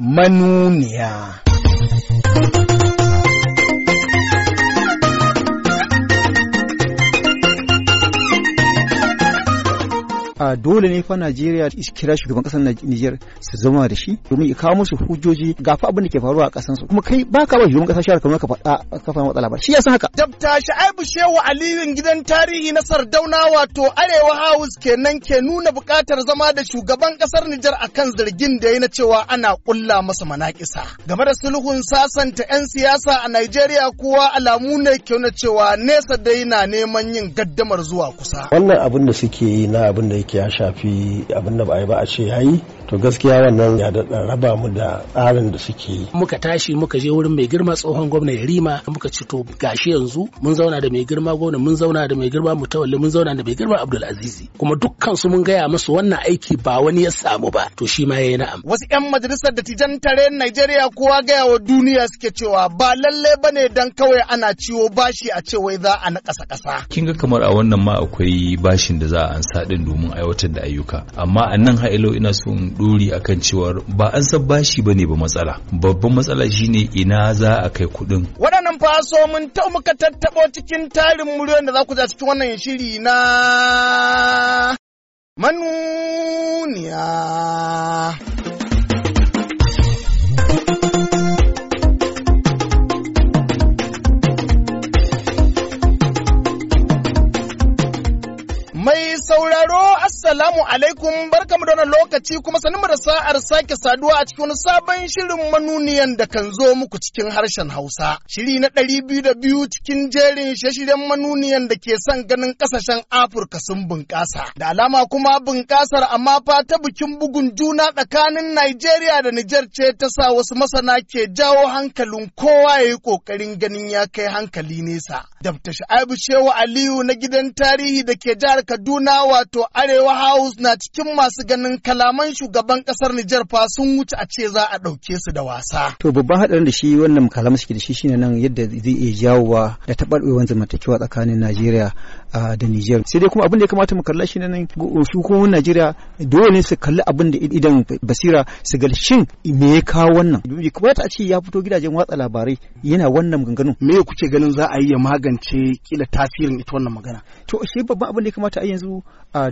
manuniya. a dole ne fa Najeriya kira shugaban kasar Nijar su zama da shi domin ya kawo musu hujjoji ga fa abin da ke faruwa a kasan su kuma kai baka ba shugaban kasar shawara kamar ka faɗa ka faɗa matsala ba shi yasa haka dabta Sha'ibu Shehu Aliyu gidan tarihi na Sardauna wato Arewa House kenan ke nuna buƙatar zama da shugaban kasar Nijar akan zargin da ya na cewa ana kulla masa manaƙisa game da sulhun sasanta 'yan siyasa a Najeriya kuwa alamu ne ke nuna cewa nesa dai na neman yin gaddamar zuwa kusa wannan abin da suke yi na abin da ya shafi abin da ba a yi ba a ce yi to gaskiya wannan ya daɗa raba mu da tsarin da suke yi muka tashi muka je wurin mai girma tsohon gwamna ya rima muka ci to gashi yanzu mun zauna da mai girma gwamna mun zauna da mai girma mutawalli mun zauna da mai girma abdul azizi kuma dukkan su mun gaya musu wannan aiki ba wani ya samu ba to shi ma yayi na'am wasu yan majalisar dattijan tare Najeriya kowa gaya wa duniya suke cewa ba lalle bane dan kawai ana ciwo bashi a ce wai za a na ƙasa ƙasa kin ga kamar a wannan ma akwai bashin da za a ansa din domin aiwatar da ayyuka amma a nan ha'ilo ina so ɗori akan cewa ba an san bashi ba ne ba matsala babban matsala shine ina za a kai kuɗin waɗannan faso mun ta muka tattaɓo cikin tarin muryoyin da za ku za cikin wannan shiri na manuniya Mai sauraro Assalamu alaikum barkamu da wannan lokaci kuma sanin da sa'ar sake saduwa a cikin sabon shirin manuniyan da kan zo muku cikin harshen Hausa. Shiri na ɗari biyu da biyu cikin jerin shirye-shiryen manuniyan da ke son ganin ƙasashen Afirka sun bunƙasa. Da alama kuma bunƙasar amma fa ta bikin bugun juna tsakanin Najeriya da Nijar ce ta sa wasu masana ke jawo hankalin kowa ya yi ƙoƙarin ganin ya kai hankali nesa. Dabta Sha'abu Shehu Aliyu na gidan tarihi da ke jihar Kaduna wato Arewa House na cikin masu ganin kalaman shugaban ƙasar Nijar fa sun wuce a ce za a ɗauke su da wasa. To babban haɗarin da shi wannan kalaman suke da shi shine nan yadda zai iya jawowa da taɓarɓewar zamantakewa tsakanin Najeriya da Nijar. Sai dai kuma abin da ya kamata mu kalla shine nan hukumomin Najeriya dole su kalli abin da idan basira su ga shin me ya kawo wannan. Bai kamata ce ya fito gidajen watsa labarai yana wannan maganganu. Me kuke ganin za a yi ya magance kila tasirin ita wannan magana? To shi babban abin da ya kamata a yanzu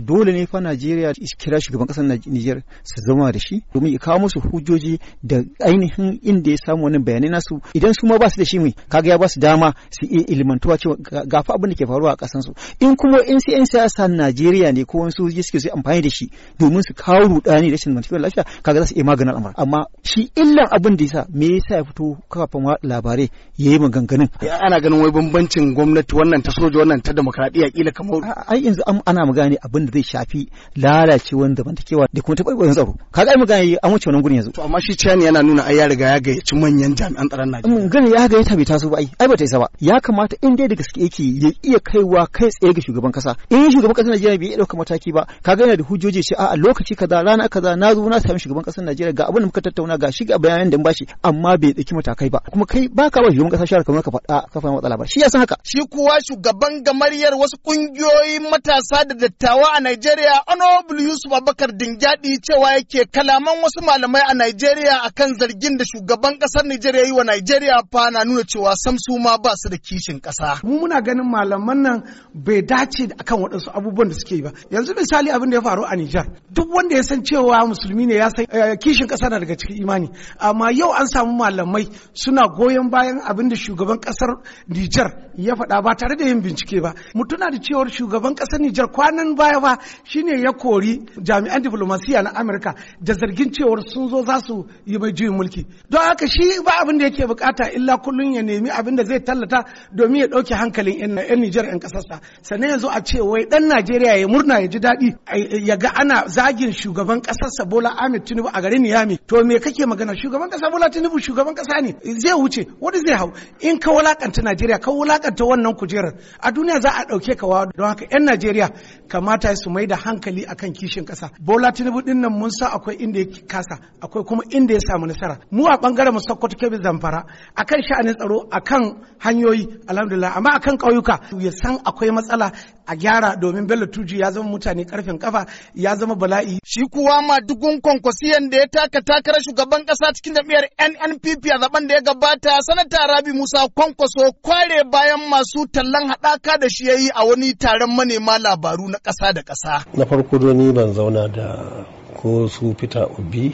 dole ne fa Najeriya kira shugaban kasar Nijar su zama da shi domin ya kawo musu hujjoji da ainihin inda ya samu wani bayanai nasu idan su ma ba su da shi mai kaga ya ba su dama su iya ilmantuwa cewa gafa abin da ke faruwa a kasan su in kuma in sai yan siyasa Najeriya ne ko wasu ji suke sai amfani da shi domin su kawo rudani da shin mantakewar lafiya kaga za su iya maganar al'amari amma shi illan abin da yasa me yasa ya fito wa labarai yayi maganganun ana ganin wai bambancin gwamnati wannan ta soja wannan ta demokradiya kila kamar ai yanzu ana magana abin da zai shafi Lalace wani zamantakewa da kuma taɓarɓarin tsaro kaga ai magana yi an wuce wannan gurin yanzu to amma shi Chani yana nuna ai ya riga ya gayyaci manyan jami'an tsaron Najeriya mm, gani ya gayyata bai taso ba ai ai ba ta isa ba ya kamata in dai da gaske yake ya iya kaiwa kai tsaye ga shugaban kasa in shugaban kasar Najeriya bai dauka mataki ba kaga yana da hujjoji shi a lokaci kaza rana kaza na zo na sami shugaban kasar Najeriya ga abin da muka tattauna ga shi ga bayanan da mun bashi amma bai dauki matakai ba kuma kai baka ba shugaban kasa shawara kamar ka faɗa ka matsala ba shi ya san haka shi kuwa shugaban gamaryar wasu kungiyoyin matasa da dattawa a Najeriya Najeriya Honorable Yusuf Abubakar Dingyadi cewa yake kalaman wasu malamai a Najeriya akan zargin da shugaban kasar Najeriya yi wa Najeriya fa na nuna cewa samsu ma ba su da kishin kasa. Mu muna ganin malaman nan bai dace akan waɗansu abubuwan da suke yi ba. Yanzu misali abin da ya faru a Nijar. Duk wanda ya san cewa musulmi ne ya san eh, kishin kasa na daga cikin imani. Amma yau an samu malamai suna goyon bayan abin da shugaban kasar Nijar ya faɗa ba tare da yin bincike ba. mu tuna da cewar shugaban kasar Nijar kwanan baya ba shine ya kori jami'an diplomasiya na amurka da zargin cewar sun zo za su yi mai juyin mulki don haka shi ba abin da yake bukata illa kullum ya nemi abin da zai tallata domin ya dauke hankalin 'yan nijar 'yan kasarsa sannan yanzu a ce wai dan najeriya ya murna ya ji daɗi ya ga ana zagin shugaban ƙasarsa bola ahmed tinubu a garin niyami to me kake magana shugaban ƙasa bola tinubu shugaban ƙasa ne zai wuce wani zai hau in ka wulakanta najeriya ka wulakanta wannan kujerar a duniya za a ɗauke ka don haka 'yan najeriya kamata su mai da hankali akan kishin ƙasa bola tinubu ɗin nan mun sa akwai inda ya kasa akwai kuma inda ya samu nasara mu a bangaren mu sokoto kebe zamfara a kan sha'anin tsaro a kan hanyoyi alhamdulillah amma a kan ƙauyuka ya san akwai matsala a gyara domin bello tuji ya zama mutane karfin kafa ya zama bala'i shi kuwa ma dugun kwankwasiyan da ya taka takarar shugaban ƙasa cikin jam'iyyar NNPP a zaben da ya gabata sanata Rabi Musa kwankwaso kware bayan masu tallan haɗaka da shi ya yi a wani taron manema labaru na ƙasa da ƙasa na farko ni ban zauna da ko su fita obi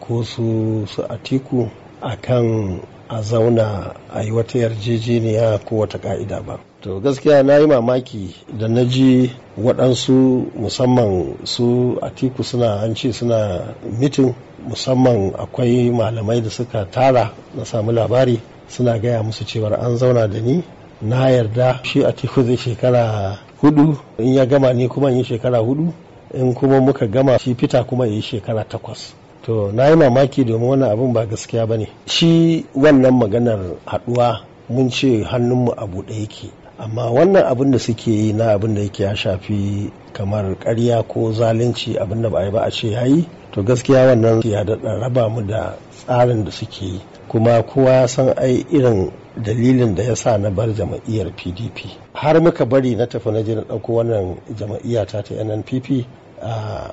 ko su su atiku akan a zauna a yi wata yarjejeniya ko wata ka'ida ba to gaskiya na yi mamaki da na ji waɗansu musamman su atiku suna an ce suna mitin musamman akwai malamai da suka tara na samu labari suna gaya musu cewar an zauna da ni na yarda shi atiku zai shekara hudu in ya gama ni kuma yi shekara hudu in kuma muka gama shi fita kuma yi shekara takwas to na yi mamaki domin wannan abin ba gaskiya ba ne shi wannan maganar haduwa mun ce hannunmu a buɗe yake amma wannan abin da suke yi na abin da yake ya shafi kamar karya ko zalunci abin da ba a yi ba a ce yayi to gaskiya wannan ya daɗa raba mu da tsarin da suke yi kuma kowa san ai irin dalilin da ya sa na bar jama'iyyar pdp har muka bari na tafi na je ɗauko wannan jama'iyya ta ta nnpp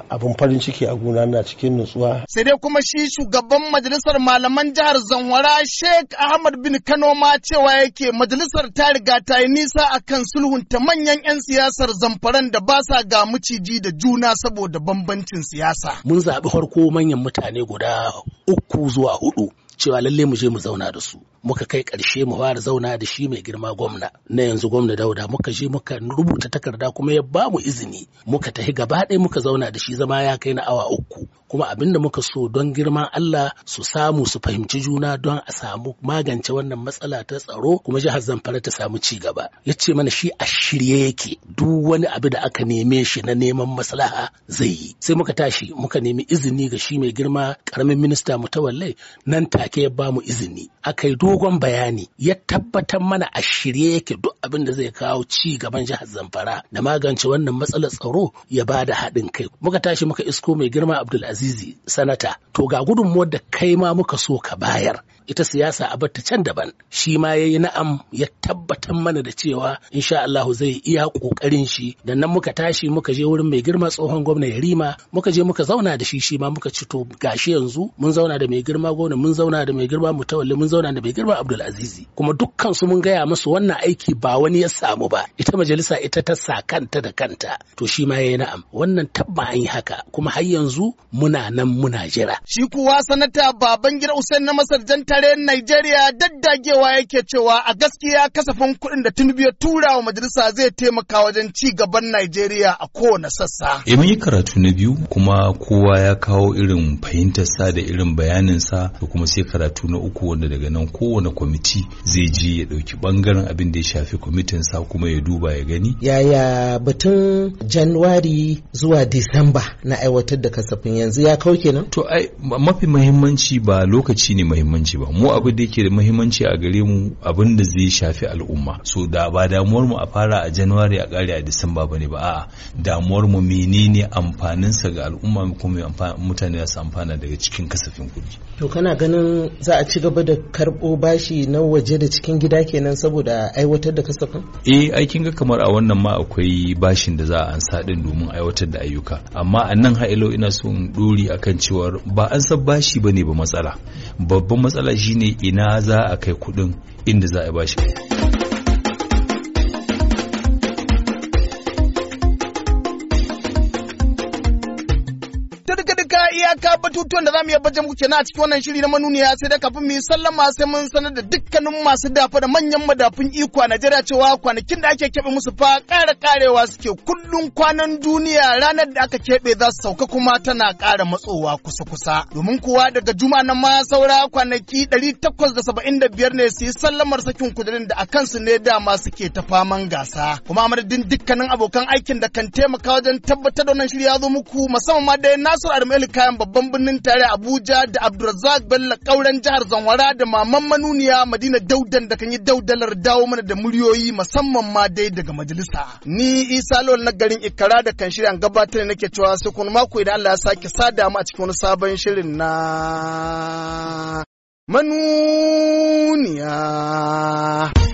abin farin ciki a gona na cikin nutsuwa. Sai dai kuma shi shugaban majalisar malaman jihar zanwara Sheikh Ahmad bin Kano ma cewa yake majalisar ta riga ta yi nisa a kan sulhunta manyan 'yan siyasar Zamfaran da ba sa ga maciji da juna saboda bambancin siyasa. Mun zaɓi farko manyan mutane guda uku zuwa hudu cewa lalle mu je mu zauna da su muka kai ƙarshe mu fara zauna da shi mai girma gwamna na yanzu gwamna dauda muka je muka rubuta takarda kuma ya ba mu izini muka tafi gaba ɗaya muka zauna da shi zama ya kai na awa uku kuma abin da muka so don girman Allah su samu su fahimci juna don a samu magance wannan matsala ta tsaro kuma jihar Zamfara ta samu ci gaba yace mana shi a shirye yake duk wani abu da aka neme shi na neman maslaha zai yi sai muka tashi muka nemi izini ga shi mai girma karamin minista mutawalle nan ta aka ya ba mu izini aka yi dogon bayani ya tabbatar mana a shirye yake duk abin da zai kawo ci gaban jihar zamfara da magance wannan matsalar tsaro ya ba da haɗin kai muka tashi muka isko mai girma abdulazizi sanata to ga gudunmuwar da kai ma muka so ka bayar ita siyasa a ta can daban shi ma yayi na'am ya tabbatar mana da cewa insha Allah zai iya kokarin shi da nan muka tashi muka je wurin mai girma tsohon gwamna Yarima muka je muka zauna da shi shi ma muka ci to gashi yanzu mun zauna da mai girma gwamna mun zauna da mai girma mutawalli mun zauna da mai girma Abdul Azizi kuma dukkan su mun gaya musu wannan aiki ba wani ya samu ba ita majalisa ita ta sa kanta da kanta to shi ma yayi na'am wannan tabba an yi haka kuma har yanzu muna nan muna jira shi kuwa sanata Babangida Usain na Masar Janta tare Najeriya daddagewa yake cewa a gaskiya kasafin kuɗin da Tinubu ya tura wa majalisa zai taimaka wajen ci gaban Najeriya a kowane sassa. E mun yi karatu na biyu kuma kowa ya kawo irin fahimtarsa da irin bayaninsa da kuma sai karatu na uku wanda daga nan kowane kwamiti zai je ya ɗauki ɓangaren abin da ya shafi kwamitin sa kuma ya duba ya gani. Yaya batun Januwari zuwa Disamba na aiwatar da kasafin yanzu ya kau kenan? To ai mafi mahimmanci ba lokaci ne mahimmanci ba mu abin da yake da muhimmanci a gare mu abin da zai shafi al'umma so da ba damuwar mu a fara a january a kare a disamba bane ba a'a damuwar mu menene amfanin sa ga al'umma kuma mutane su amfana daga cikin kasafin kuɗi to kana ganin za a ci gaba da karɓo bashi na waje da cikin gida kenan saboda aiwatar da kasafin eh ai kin ga kamar a wannan ma akwai bashin da za a ansa din domin aiwatar da ayyuka amma a nan ha'ilo ina so in dori akan cewa ba an san bashi bane ba matsala babban matsala matsala shine ina za a kai kuɗin inda za a bashi. batutuwan da za mu iya baje muke na a cikin wannan shiri na manuniya sai da kafin mu yi sallama sai mun sanar da dukkanin masu dafa da manyan madafun iko a Najeriya cewa kwanakin da ake keɓe musu fa ƙara ƙarewa suke kullum kwanan duniya ranar da aka keɓe za su sauka kuma tana ƙara matsowa kusa-kusa. Domin kuwa daga juma na ma saura kwanaki 875 ne su yi sallamar sakin kudirin da a kansu ne dama suke ta faman gasa. Kuma madadin dukkanin abokan aikin da kan taimaka wajen tabbatar da wannan shiri ya zo muku musamman ma da Nasiru Adamu kayan babban birnin tare Abuja da Abdulrazak Bello kauren jihar Zamfara da maman manuniya Madina Daudan da kan yi daudalar dawo mana da muryoyi musamman ma dai daga majalisa. Ni Isa Lol na garin Ikara da kan shirya gabatar nake cewa sai kun mako idan Allah ya sake sada mu a cikin wani sabon shirin na manuniya.